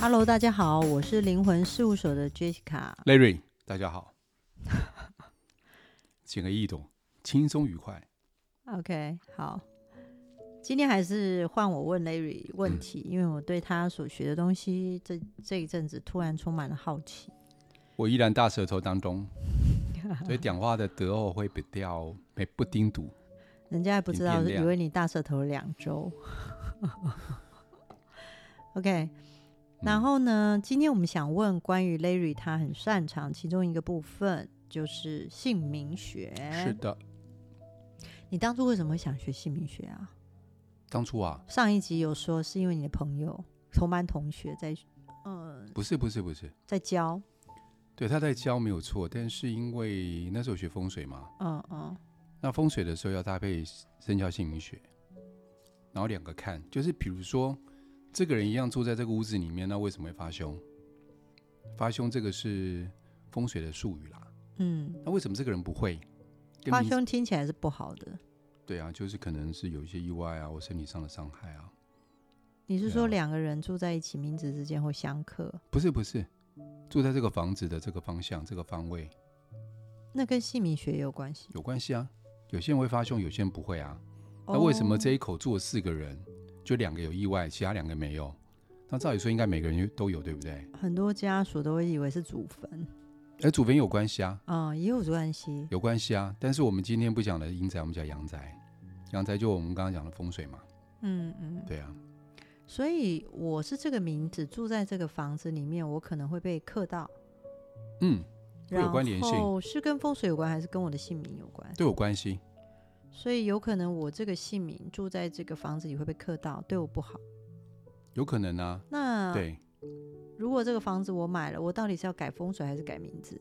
Hello，大家好，我是靈魂事務所的 Jessica。Larry，大家好，簡 個易懂，輕鬆愉快。OK，好，今天還是換我問 Larry 問題， 因為我對他所學的東西，這這一陣子突然充滿了好奇。我依然大舌頭當中， 所以講話的德奧會比較沒不叮堵。人家還不知道，是以為你大舌頭兩周。 OK。嗯、然後呢，今天我們想問關於 Larry，他很擅長其中一個部分，就是姓名學。是的。你當初為什麼會想學姓名學啊？當初啊？上一集有說是因為你的朋友同班同學在，嗯、呃。不是不是不是。在教。對，他在教沒有錯，但是因為那時候學風水嘛，嗯嗯。那風水的時候要搭配生肖姓名學，然後兩個看，就是比如說。這個人一樣住在這個屋子裡面，那為什麼會發凶？發凶這個是風水的術語啦。嗯，那為什麼這個人不會？發凶聽起來是不好的。對啊，就是可能是有一些意外啊，或身體上的傷害啊。你是說兩個人住在一起，名字之間會相克？不是不是，住在這個房子的這個方向、這個方位，那跟姓名學也有關係？有關係啊。有些人會發凶，有些人不會啊。哦、那為什麼這一口住了四個人？就兩個有意外，其他兩個沒有。那照理說應該每個人都有，對不對？很多家屬都會以為是祖墳，哎、欸，祖墳有關係啊，嗯、哦，也有關係，有關係啊。但是我們今天不講的陰宅，我們講陽宅，陽宅就我們剛剛講的風水嘛。嗯嗯，對啊。所以我是這個名字住在這個房子裡面，我可能會被克到。嗯，有關聯性，是跟風水有關，還是跟我的姓名有關？都有關係。所以有可能我這個姓名住在這個房子裡會被克到，對我不好。有可能啊。那對，如果這個房子我買了，我到底是要改風水還是改名字？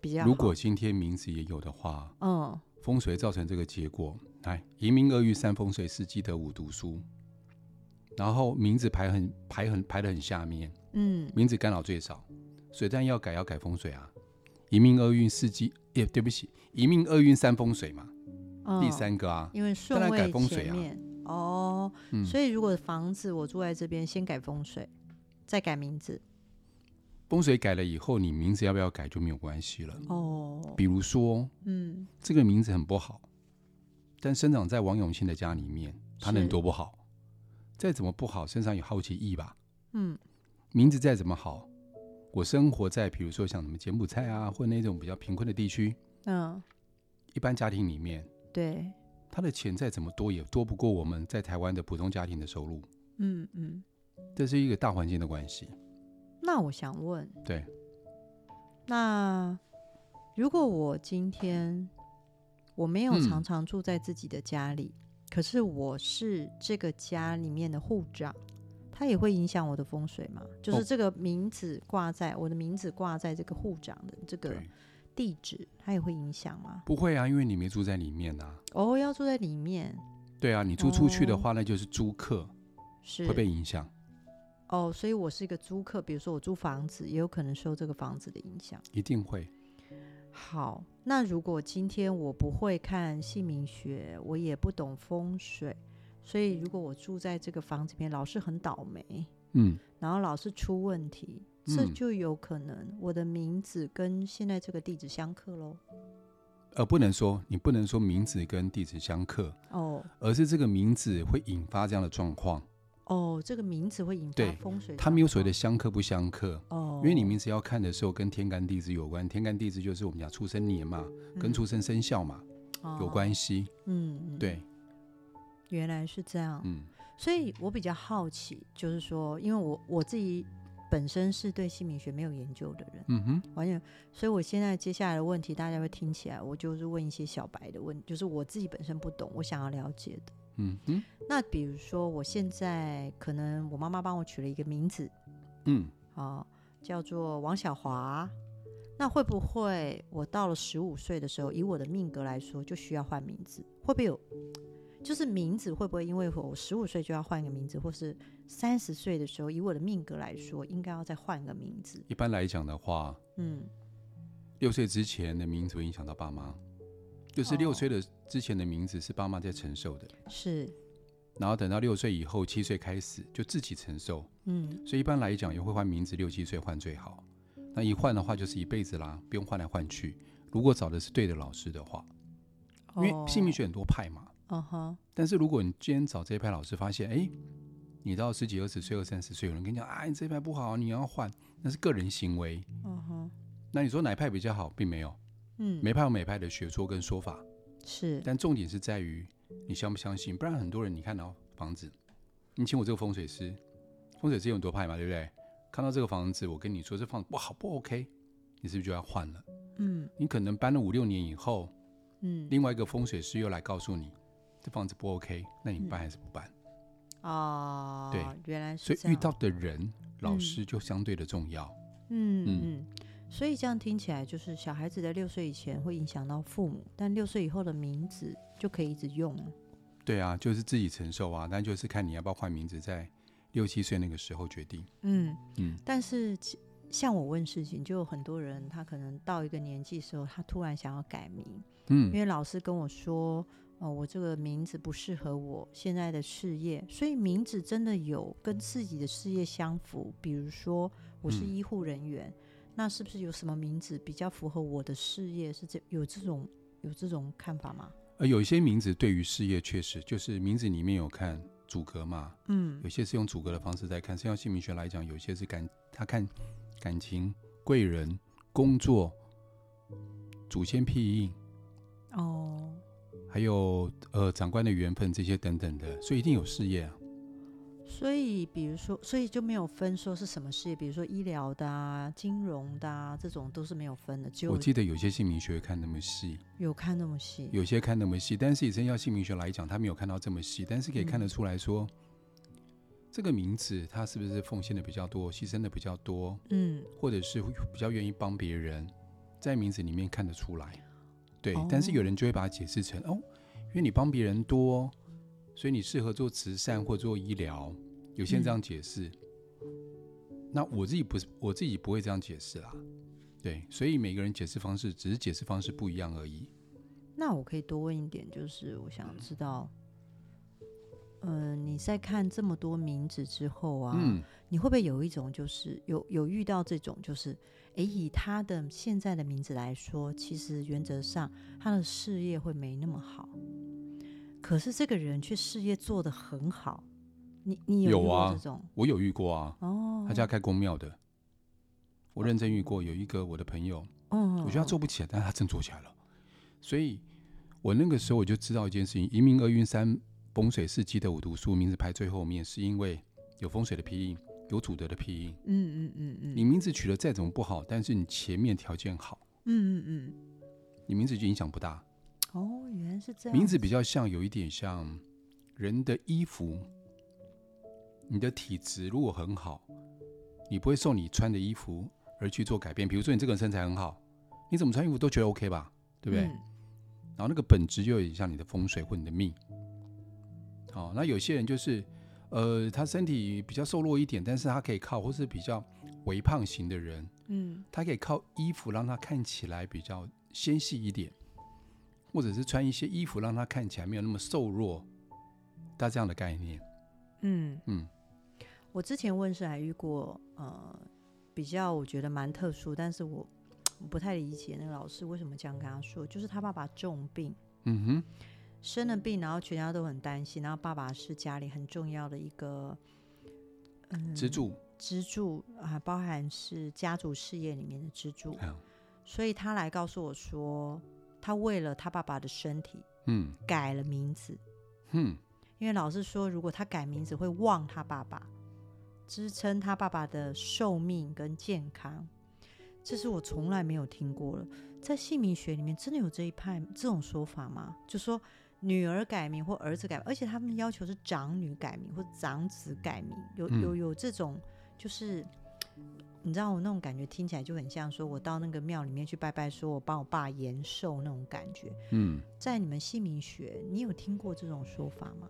比較好。如果今天名字也有的話，嗯，風水造成這個結果。來，一命二運三風水四積德五讀書，然後名字排很排很排得很下面，嗯，名字干擾最少，所以但要改要改風水啊。一命二運四季，也，欸、對不起，一命二運三風水嘛，哦，第三個啊，因為順位改風水啊。哦，嗯，所以如果房子我住在這邊，先改風水，再改名字，風水改了以後，你名字要不要改就沒有關係了。哦，比如說，嗯，這個名字很不好，但生長在王永慶的家裡面，他能多不好？再怎麼不好，身上有好幾億吧？嗯，名字再怎麼好。我生活在比如說像什麼柬埔寨啊，或那種比較貧困的地區，嗯，一般家庭裡面，對，他的錢再怎麼多也多不過我們在台灣的普通家庭的收入，嗯嗯，這是一個大環境的關係。那我想問，對，那如果我今天我沒有常常住在自己的家裡，嗯、可是我是這個家裡面的戶長。它也會影響我的風水嗎？就是這個名字掛在、哦、我的名字掛在這個戶長的這個地址，它也會影響嗎？不會啊，因為你沒住在裡面啊。哦，要住在裡面。對啊，你租出去的話，哦、那就是租客，是會被影響。哦，所以我是一個租客，比如說我租房子，也有可能受這個房子的影響，一定會。好，那如果今天我不會看姓名學，我也不懂風水。所以，如果我住在這個房子裡面，老是很倒霉，嗯，然後老是出問題，嗯，這就有可能我的名字跟現在這個地址相克嘍。呃，不能說，你不能說名字跟地址相克哦，而是這個名字會引發這樣的狀況。哦，這個名字會引發風水。他沒有所謂的相克不相克哦，因為你名字要看的時候跟天干地支有關，天干地支就是我們講出生年嘛，嗯，跟出生生肖嘛，哦、有關係。嗯，嗯，對。原來是這樣，所以我比較好奇，就是說，因為我我自己本身是對姓名學沒有研究的人，嗯哼，完全，所以我現在接下來的問題，大家會聽起來，我就是問一些小白的問題，就是我自己本身不懂，我想要了解的，嗯哼。那比如說，我現在可能我媽媽幫我取了一個名字，嗯，好、啊，叫做王小華，那會不會我到了十五歲的時候，以我的命格來說，就需要換名字？會不會有？就是名字會不會因為我十五歲就要換個名字，或是三十歲的時候，以我的命格來說，應該要再換個名字？一般來講的話，嗯，六歲之前的名字會影響到爸媽，就是六歲的之前的名字是爸媽在承受的，是、哦。然後等到六歲以後，七歲開始就自己承受，嗯。所以一般來講也會換名字，六七歲換最好。那一換的話就是一輩子啦，不用換來換去。如果找的是對的老師的話，因為姓名學很多派嘛。哦但是如果你今天找這一派老師，發現哎、欸，你到十幾二十歲、二三十歲，有人跟你講啊，你這一派不好，你要換，那是個人行為。嗯，那你說哪派比較好？並沒有。嗯，每派有每派的學說跟說法，是。但重點是在於你相不相信，不然很多人你看到房子，你請我這個風水師，風水師有很多派嘛，對不對？看到這個房子，我跟你說這房子不好，不 OK，你是不是就要換了？嗯，你可能搬了五六年以後，嗯，另外一個風水師又來告訴你。這房子不 OK，那你辦還是不辦？嗯、哦，對，原來是這樣。所以遇到的人、嗯，老師就相對的重要。嗯嗯，所以這樣聽起來，就是小孩子在六歲以前會影響到父母，但六歲以後的名字就可以一直用。對啊，就是自己承受啊，但就是看你要不要換名字，在六七歲那個時候決定。嗯嗯，但是像我問事情，就有很多人，他可能到一個年紀的時候，他突然想要改名，嗯，因為老師跟我說。哦，我這個名字不適合我現在的事業，所以名字真的有跟自己的事業相符。比如說我是醫護人員，嗯，那是不是有什麼名字比較符合我的事業？是這有這種有這種看法嗎？呃，有些名字對於事業確實就是名字裡面有看組格嘛，嗯，有些是用組格的方式在看。像姓名學來講，有些是感他看感情、貴人、工作、祖先庇蔭哦。還有呃，長官的緣分這些等等的，所以一定有事業啊。所以，比如說，所以就沒有分說是什麼事業，比如說醫療的、啊、金融的、啊、這種都是沒有分的。我記得有些姓名學會看那麼細，有看那麼細，有些看那麼細。但是以生肖姓名學來講，他沒有看到這麼細，但是可以看得出來說，嗯、這個名字他是不是奉獻的比較多，犧牲的比較多？嗯，或者是比較願意幫別人，在名字裡面看得出來。對，但是有人就會把它解釋成、oh. 哦，因為你幫別人多，所以你適合做慈善或做醫療，有些人這樣解釋、嗯。那我自己不是，我自己不會這樣解釋啦，對，所以每個人解釋方式只是解釋方式不一樣而已。那我可以多問一點，就是我想知道，嗯，呃、你在看這麼多名字之後啊。嗯你會不會有一種，就是有有遇到這種，就是哎、欸，以他的現在的名字來說，其實原則上他的事業會沒那麼好，可是這個人卻事業做得很好。你你有遇過這種？有啊、我有遇過啊。哦、oh.。他家開宮廟的，我認真遇過。有一個我的朋友，嗯、oh.，我覺得他做不起來，但是他真做起來了。所以我那個時候我就知道一件事情：，一命二運三風水四積德五讀書，名字排最後面是因為有風水的庇蔭。有祖德的庇蔭。嗯嗯嗯嗯。你名字取得再怎麼不好，但是你前面條件好，嗯嗯嗯。你名字就影響不大。哦，原來是這樣。名字比較像，有一點像人的衣服。你的體質如果很好，你不會受你穿的衣服而去做改變。比如說，你這個人身材很好，你怎麼穿衣服都覺得 OK 吧？對不對？嗯、然後那個本質就有點像你的風水或你的命。好、哦，那有些人就是。呃，他身體比較瘦弱一點，但是他可以靠，或是比較微胖型的人，嗯，他可以靠衣服讓他看起來比較纖細一點，或者是穿一些衣服讓他看起來沒有那麼瘦弱，他這樣的概念，嗯嗯。我之前問事還遇過，呃，比較我覺得蠻特殊，但是我不太理解那個老師為什麼這樣跟他說，就是他爸爸重病，嗯哼。生了病，然後全家都很擔心。然後爸爸是家裡很重要的一個，嗯，支柱，支柱還包含是家族事業裡面的支柱、嗯。所以他來告訴我說，他為了他爸爸的身體，嗯，改了名字，哼、嗯，因為老師說，如果他改名字會旺他爸爸，支撐他爸爸的壽命跟健康。這是我從來沒有聽過了，在姓名學裡面真的有這一派這種說法嗎？就說。女兒改名或兒子改名，而且他們要求是長女改名或長子改名，有、嗯、有有這種，就是，你知道我那種感覺聽起來就很像說我到那個廟裡面去拜拜，說我幫我爸延壽那種感覺。嗯，在你們姓名學，你有聽過這種說法嗎？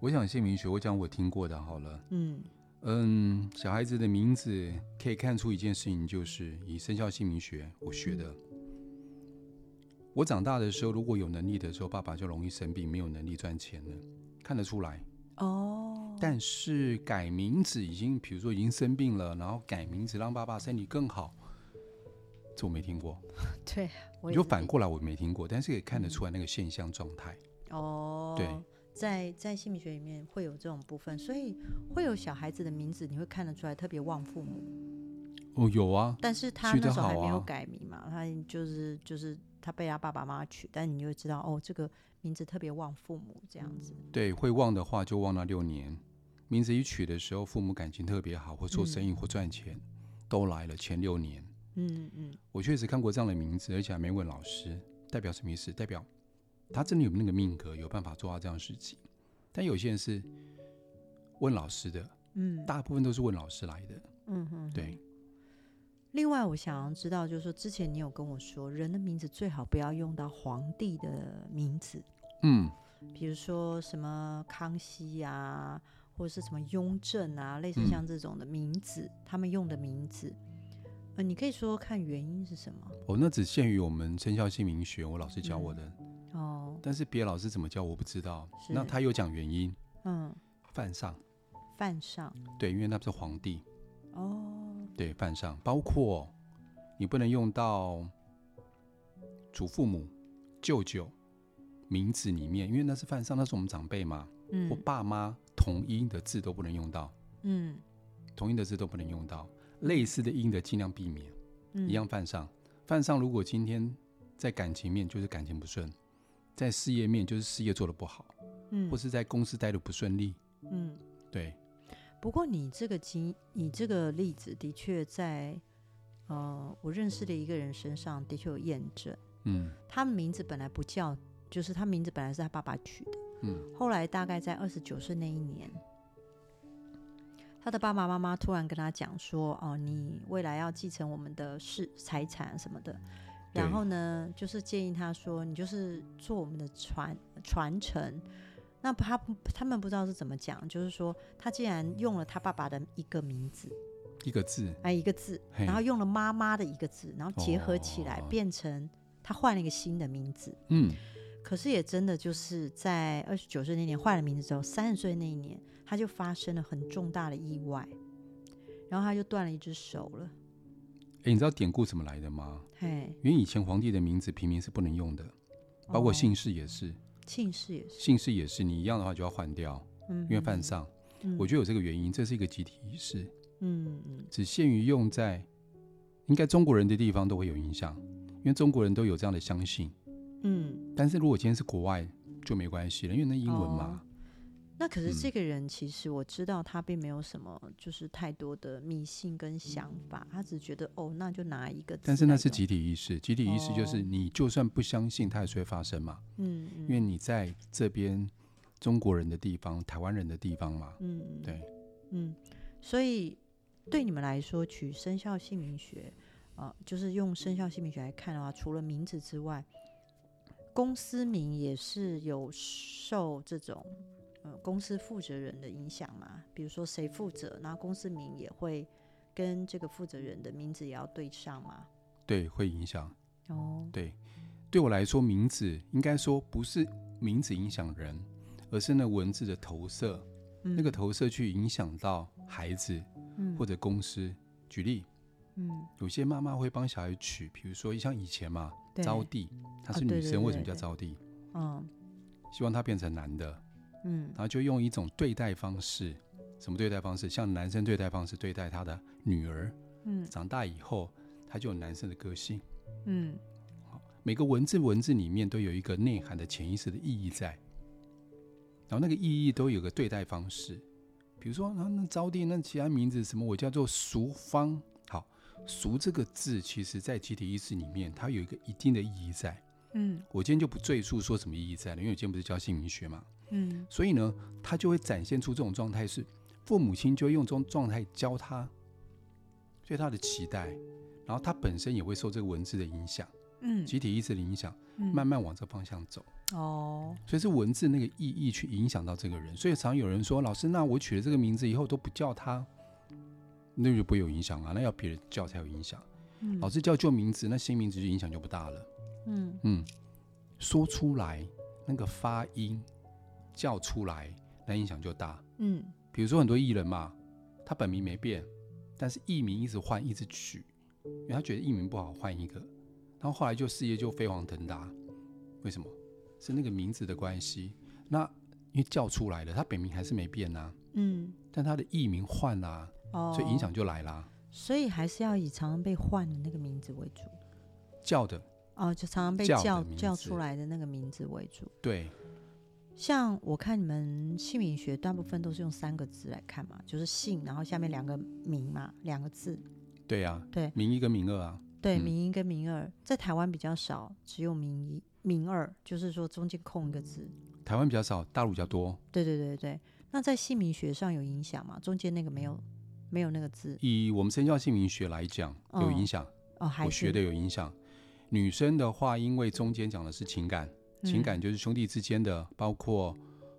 我想姓名學，我講我聽過的，好了。嗯嗯，小孩子的名字可以看出一件事情，就是以生肖姓名學，我學的。嗯我長大的時候，如果有能力的時候，爸爸就容易生病，沒有能力賺錢了，看得出來。哦、oh.。但是改名字已經，比如說已經生病了，然後改名字讓爸爸身體更好，這我沒聽過。 對。你就反過來，我沒聽過， 但是也看得出來那個現象狀態。哦、oh.。對，在在姓名學裡面會有這種部分，所以會有小孩子的名字你會看得出來特別旺父母。哦，有啊，但是他那時候還沒有改名嘛，啊、他就是就是他被他爸爸媽媽取，但你就會知道哦，這個名字特別旺父母這樣子。嗯、對，會旺的話就旺那六年，名字一取的時候，父母感情特別好，或做生意或賺錢、嗯、都來了前六年。嗯嗯，我確實看過這樣的名字，而且還沒問老師，代表什麼意思？代表他真的有，有那個命格，有辦法做到這樣的事情。但有些人是問老師的，嗯，大部分都是問老師來的，嗯哼，對。另外，我想要知道，就是說，之前你有跟我說，人的名字最好不要用到皇帝的名字，嗯，比如說什麼康熙啊，或者是什麼雍正啊，類似像這種的名字，嗯、他們用的名字，嗯、呃，你可以說看原因是什麼？哦，那只限於我們生肖姓名學，我老師教我的。嗯、哦，但是別的老師怎麼教我不知道。那他有講原因？嗯，犯上。犯上？對，因為那不是皇帝。哦。對，犯上包括你不能用到祖父母、舅舅名字裡面，因為那是犯上，那是我們長輩嘛。嗯，或爸媽同音的字都不能用到。嗯，同音的字都不能用到，類似的音的儘量避免。嗯。一樣犯上。犯上如果今天在感情面就是感情不順，在事業面就是事業做得不好，嗯，或是在公司待得不順利。嗯，對。不過你這個經，你這個例子的確在，呃，我認識的一個人身上的確有驗證。嗯，他名字本來不叫，就是他名字本來是他爸爸取的。嗯，後來大概在二十九歲那一年，他的爸爸媽媽突然跟他講說：“哦，你未來要繼承我們的事財產什麼的。”然後呢，就是建議他說：“你就是做我們的傳傳承。”那他他們不知道是怎麼講，就是說他竟然用了他爸爸的一個名字，一個字哎，一個字，然後用了媽媽的一個字，然後結合起來，哦，變成他換了一個新的名字。嗯，可是也真的就是在二十九歲那年換了名字之後，三十歲那一年他就發生了很重大的意外，然後他就斷了一隻手了。哎，你知道典故怎麼來的嗎？哎，因為以前皇帝的名字平民是不能用的，包括姓氏也是。哦姓氏也是，姓氏也是，你一樣的話就要換掉，嗯，因為犯上、嗯。我覺得有這個原因，這是一個集體意識，嗯，只限於用在應該中國人的地方都會有影響，因為中國人都有這樣的相信，嗯，但是如果今天是國外就沒關係了，因為那英文嘛。哦那可是這個人、嗯，其實我知道他並沒有什麼，就是太多的迷信跟想法。嗯、他只覺得哦，那就拿一個字。但是那是集體意識，集體意識就是你就算不相信，他也是會發生嘛。嗯，因為你在這邊中國人的地方，台灣人的地方嘛。嗯，對，嗯，所以對你們來說，取生肖姓名學啊、呃，就是用生肖姓名學來看的話，除了名字之外，公司名也是有受這種。呃，公司負責人的影響嘛，比如說誰負責，那公司名也會跟這個負責人的名字也要對上嘛，對，會影響。哦、嗯，對，對我來說，名字應該說不是名字影響人，而是那文字的投射，嗯、那個投射去影響到孩子或者公司。嗯、舉例，嗯，有些媽媽會幫小孩取，比如說像以前嘛，招娣，她是女生，啊、對對對，為什麼叫招娣？嗯，希望她變成男的。嗯，然後就用一種對待方式，什麼對待方式？像男生對待方式對待他的女兒，嗯，長大以後他就有男生的個性，嗯，好，每個文字文字裡面都有一個內涵的潛意識的意義在，然後那個意義都有個對待方式，比如說那那招娣那其他名字什麼，我叫做俗方，好，俗這個字其實在集體意識裡面它有一個一定的意義在，嗯，我今天就不贅述說什麼意義在了，因為我今天不是教姓名學嘛。嗯，所以呢，他就會展現出這種狀態，是父母親就會用這種狀態教他，對他的期待，然後他本身也會受這個文字的影響，嗯，集體意識的影響，嗯，慢慢往這方向走。哦，所以是文字那個意義去影響到這個人。所以常常有人說，老師，那我取了這個名字以後都不叫他，那就不會有影響啊？那要別人叫才有影響，嗯。老師叫舊名字，那新名字就影響就不大了。嗯嗯，說出來那個發音。叫出來，那影響就大。嗯，比如說很多藝人嘛，他本名沒變，但是藝名一直換一直取，因為他覺得藝名不好換一個，然後後來就事業就飛黃騰達。為什麼？是那個名字的關係。那因為叫出來的，他本名還是沒變吶，啊。嗯，但他的藝名換啦，啊哦，所以影響就來啦。所以還是要以常常被換的那個名字為主，叫的。哦，就常常被叫叫，叫出來的那個名字為主。對。像我看你們姓名學大部分都是用三個字來看嘛，就是姓，然後下面兩個名嘛，兩個字。對呀、啊，對，名一跟名二啊。對，嗯、名一跟名二在台灣比較少，只有名一名二，就是說中間空一個字。台灣比較少，大陸比較多。對對對對，那在姓名學上有影響嗎？中間那個沒有，沒有那個字。以我們生肖姓名學來講，有影響。哦，哦還我學的有影響。女生的話，因為中間講的是情感。嗯情感就是兄弟之間的，包括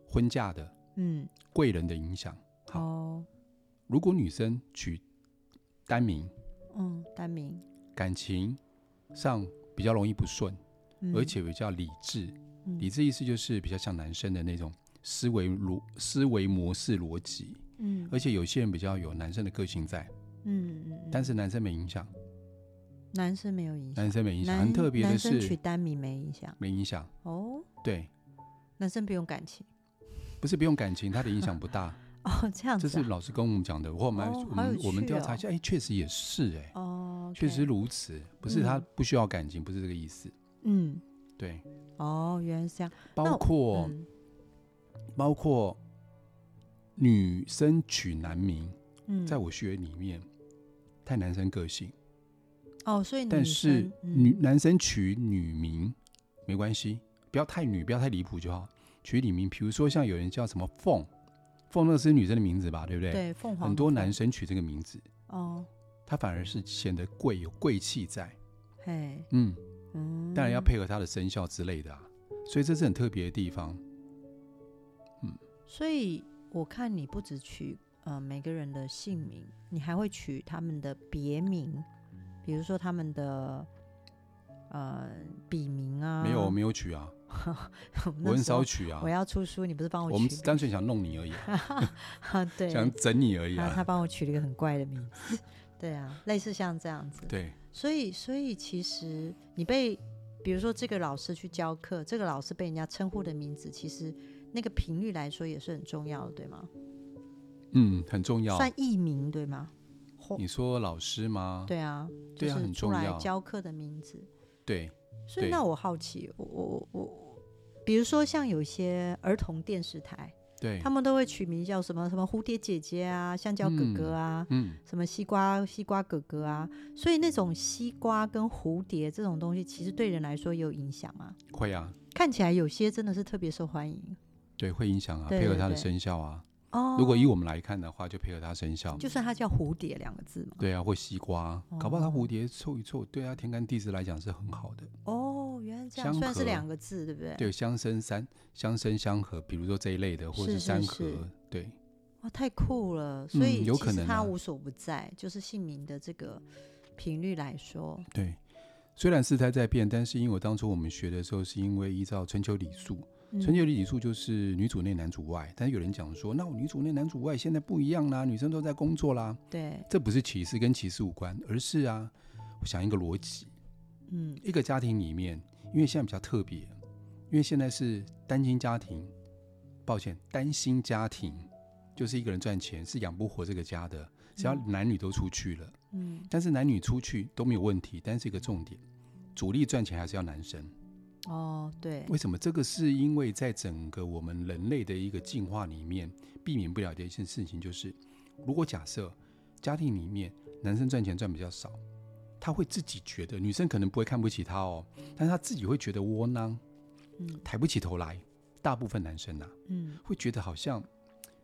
婚嫁的，嗯，貴人的影響。好，哦、如果女生取單名，嗯，單名，感情上比較容易不順，嗯、而且比較理智、嗯。理智意思就是比較像男生的那種思維邏、思維模式、邏輯。嗯，而且有些人比較有男生的個性在。嗯嗯。但是男生沒影響。男生沒有影響，男生沒影響，很特別的是，男生取單名沒影響，沒影響哦。對，男生不用感情，不是不用感情，他的影響不大 哦。這樣子、啊，這是老師跟我們講的，我們、哦哦、我們我們調查一下，哎、欸，確實也是哎、欸，哦，確、okay、實如此，不是他不需要感情、嗯，不是這個意思，嗯，對，哦，原來是這樣，包括、嗯、包括女生取男名、嗯，在我學裡面太男生個性。哦，所以但是女、嗯、男生取女名沒關係，不要太女，不要太離譜就好。取女名，比如說像有人叫什麼鳳，鳳那是女生的名字吧，對不對？對，鳳凰。很多男生取這個名字，哦，他反而是顯得貴，有貴氣在。嘿，嗯，嗯，當然要配合他的生肖之類的啊，所以這是很特別的地方。嗯，所以我看你不只取呃每個人的姓名，你還會取他們的別名。比如說他們的呃筆名啊，沒有沒有取啊， 我我很少取啊。我要出書，你不是幫我取嗎？我們單純想弄你而已啊，對， 想整你而已啊。 他幫我取了一個很怪的名字， 對啊，類似像這樣子。對，所以所以其實你被比如說這個老師去教課，這個老師被人家稱呼的名字，嗯，其實那個頻率來說也是很重要的，對嗎？嗯，很重要。算藝名對嗎？你說老師嗎？對啊，對啊，就是出來教課的名字。對、啊，很重要。所以那我好奇，我我我我，比如說像有些兒童電視台，對，他們都會取名叫什麼什麼蝴蝶姐姐啊，香蕉哥哥啊嗯，嗯，什麼西瓜西瓜哥哥啊。所以那種西瓜跟蝴蝶這種東西，其實對人來說也有影響嗎、啊？會啊，看起來有些真的是特別受歡迎。對，會影響啊對對對，配合他的生肖啊。哦、如果以我們來看的話，就配合它生肖。就算它叫蝴蝶兩個字嘛，對啊，或西瓜，嗯、搞不好它蝴蝶湊一湊，對啊，天干地支來講是很好的。哦，原來這樣，算是兩個字，對不對？對，相生三，相生相合，比如說這一類的，或者是三合是是是，對。哇，太酷了！所以、嗯、有可能它、啊、無所不在，就是姓名的這個頻率來說。對，雖然事態在，在變，但是因為當初我們學的時候，是因為依照春秋禮數。純潔的禮數就是女主內男主外。但是有人講說，那我女主內男主外現在不一樣啦、啊，女生都在工作啦，對，這不是歧視，跟歧視無關，而是啊，我想一個邏輯，嗯，一個家庭裡面，因為現在比較特別，因為現在是單親家庭，抱歉，單薪家庭，就是一個人賺錢是養不活這個家的，只要男女都出去了，嗯，但是男女出去都沒有問題，但是一個重點，主力賺錢還是要男生。哦，對，為什麼？這個是因為在整個我們人類的一個進化裡面，避免不了的一件事情就是，如果假設家庭裡面男生賺錢賺比較少，他會自己覺得女生可能不會看不起他哦，但是他自己會覺得窩囊，嗯，抬不起頭來。大部分男生吶、啊，嗯，會覺得好像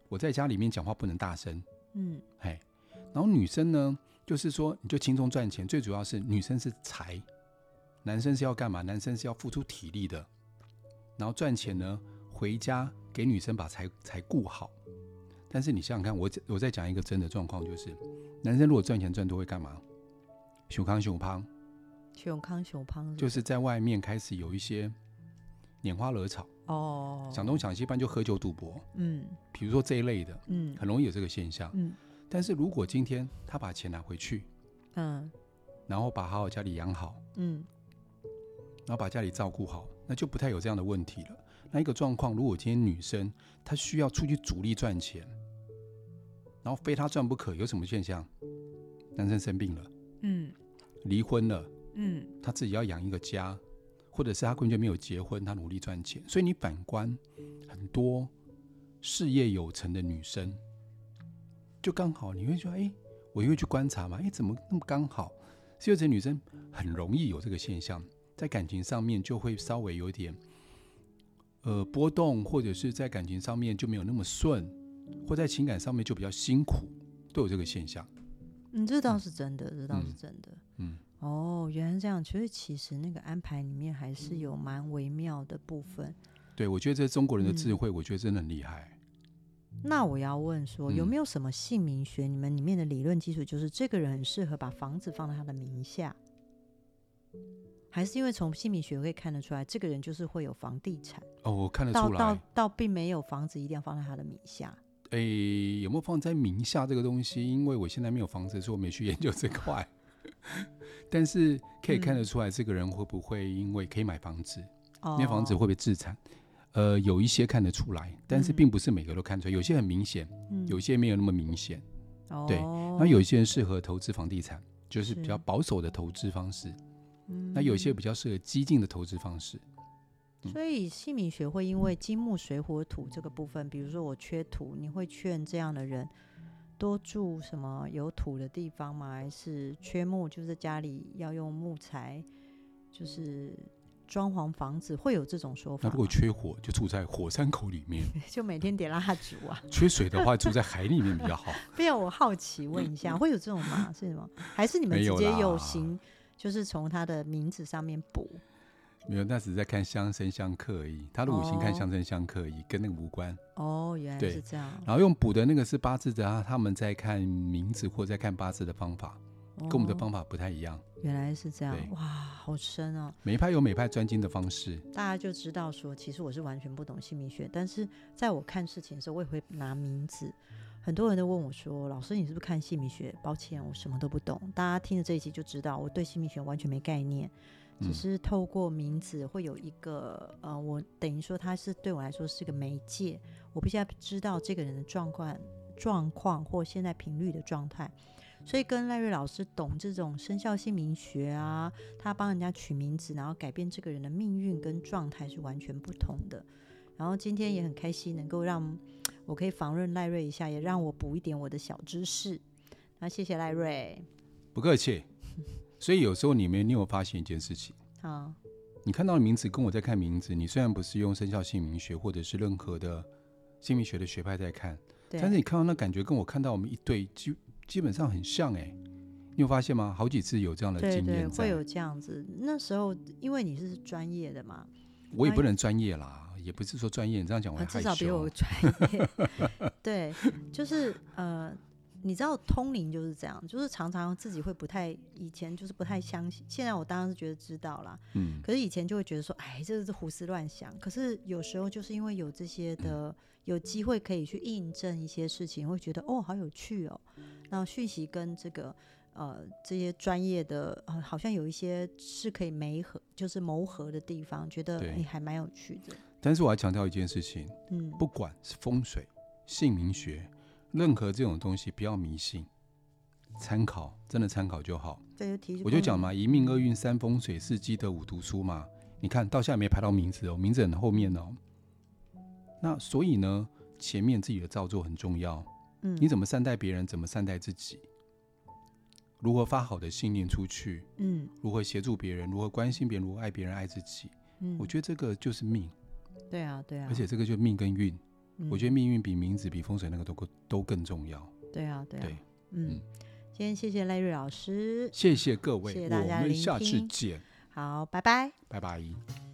我在家裡面講話不能大聲，嗯，哎，然後女生呢，就是說你就輕鬆賺錢，最主要是女生是財。男生是要幹嘛？男生是要付出體力的，然後賺錢呢，回家給女生把財財顧好。但是你想想看我，我再講一個真的狀況，就是男生如果賺錢賺多會幹嘛？熊康熊胖，熊康熊胖，就是在外面開始有一些拈花惹草哦，想東想西，一般就喝酒賭博，嗯，比如說這一類的，嗯，很容易有這個現象，嗯。但是如果今天他把錢拿回去，嗯，然後把好好家裡養好，嗯。要把家裡照顧好，那就不太有這樣的問題了。那一個狀況，如果今天女生她需要出去主力賺錢，然後非她賺不可，有什麼現象？男生生病了，嗯，離婚了，嗯，他自己要養一個家，或者是他完全沒有結婚，他努力賺錢。所以你反觀很多事業有成的女生，就剛好你會說：“哎、欸，我又去觀察嘛，哎、欸，怎麼那麼剛好？事業有成女生很容易有這個現象。”在感情上面就會稍微有點，呃，波動，或者是在感情上面就沒有那麼順，或在情感上面就比較辛苦，都有這個現象。嗯，這倒是真的，嗯、這倒是真的嗯。嗯，哦，原來這樣，其實其實那個安排裡面還是有蠻微妙的部分。對，我覺得這中國人的智慧，嗯、我覺得真的很厲害。那我要問說、嗯，有沒有什麼姓名學？你們裡面的理論基礎，就是這個人很適合把房子放在他的名下？還是因為從姓名學會看得出來，這個人就是會有房地產哦，我看得出來，到倒並沒有房子一定要放在他的名下。哎、欸，有沒有放在名下這個東西？因為我現在沒有房子，所以我沒去研究這塊。 但是可以看得出來，這個人會不會因為可以買房子，那、嗯、房子會不會置產？呃，有一些看得出來，但是並不是每個都看出來，嗯、有些很明顯，有些沒有那麼明顯。哦、嗯，對，那有一些人適合投資房地產，就是比較保守的投資方式。那有些比較適合激進的投資方式，嗯、所以姓名學會因為金木水火土這個部分，比如說我缺土，你會勸這樣的人多住什麼有土的地方嗎？還是缺木就是家裡要用木材，就是裝潢房子會有這種說法？那如果缺火，就住在火山口裡面， 就每天點蠟燭啊。缺水的話，住在海裡面比較好。非 要我好奇問一下， 會有這種嗎？是什麼？還是你們直接有形？就是從他的名字上面補，沒有，那只是在看相生相剋而已。他的五行看相生相剋而已，oh。跟那個無關。哦、oh，原來是這樣。然後用補的那個是八字的啊，他們在看名字或在看八字的方法，oh。跟我們的方法不太一樣。原來是這樣，哇，好深哦、啊。每一派有每一派專精的方式，大家就知道說，其實我是完全不懂姓名學，但是在我看事情的時候，我也會拿名字。很多人都問我說：“老師，你是不是看姓名學？”抱歉，我什麼都不懂。大家聽了這一期就知道，我對姓名學完全沒概念，只是透過名字會有一個呃，我等於說它是對我來說是個媒介，我必須要知道這個人的狀況、狀況或現在頻率的狀態。所以跟賴瑞老師懂這種生肖姓名學啊，他幫人家取名字，然後改變這個人的命運跟狀態是完全不同的。然後今天也很開心能夠讓。我可以訪問賴瑞一下，也讓我補一點我的小知識。那謝謝賴瑞，不客氣。 所以有時候裡面，你有沒你有發現一件事情啊？你看到的名字跟我在看名字，你雖然不是用生肖姓名學或者是任何的姓名學的學派在看，但是你看到那感覺跟我看到我們一對基基本上很像哎，你有，有發現嗎？好幾次有這樣的經驗，會有這樣子。那時候因為你是專業的嘛，我也不能專業啦。也不是說專業，你這樣講，我還至少比我專業。 對，就是呃，你知道通靈就是這樣，就是常常自己會不太，以前就是不太相信，現在我當然是覺得知道啦。嗯、可是以前就會覺得說，哎，這是胡思亂想。可是有時候就是因為有這些的，有機會可以去印證一些事情，嗯、會覺得哦，好有趣哦。然後訊息跟這個呃這些專業的好像有一些是可以媒合，就是謀合的地方，覺得你還蠻有趣的。但是我還強調一件事情，嗯，不管是風水、姓名學，任何這種東西，不要迷信，參考，真的參考就好。我就講嘛，一命二運三風水，四積德五讀書嘛。你看到現在沒排到名字哦，名字很後面哦。那所以呢，前面自己的造作很重要，嗯，你怎麼善待別人，怎麼善待自己，如何發好的信念出去，嗯，如何協助別人，如何關心別人，如何愛別人愛自己，嗯，我覺得這個就是命。對啊，對啊，而且這個就命跟運，嗯，我覺得命運比名字、比風水那個都都更重要。對啊，對啊，對，嗯，今天謝謝賴瑞老師，謝謝各位，謝謝大家聆聽。我們下次見，好，拜拜，拜拜。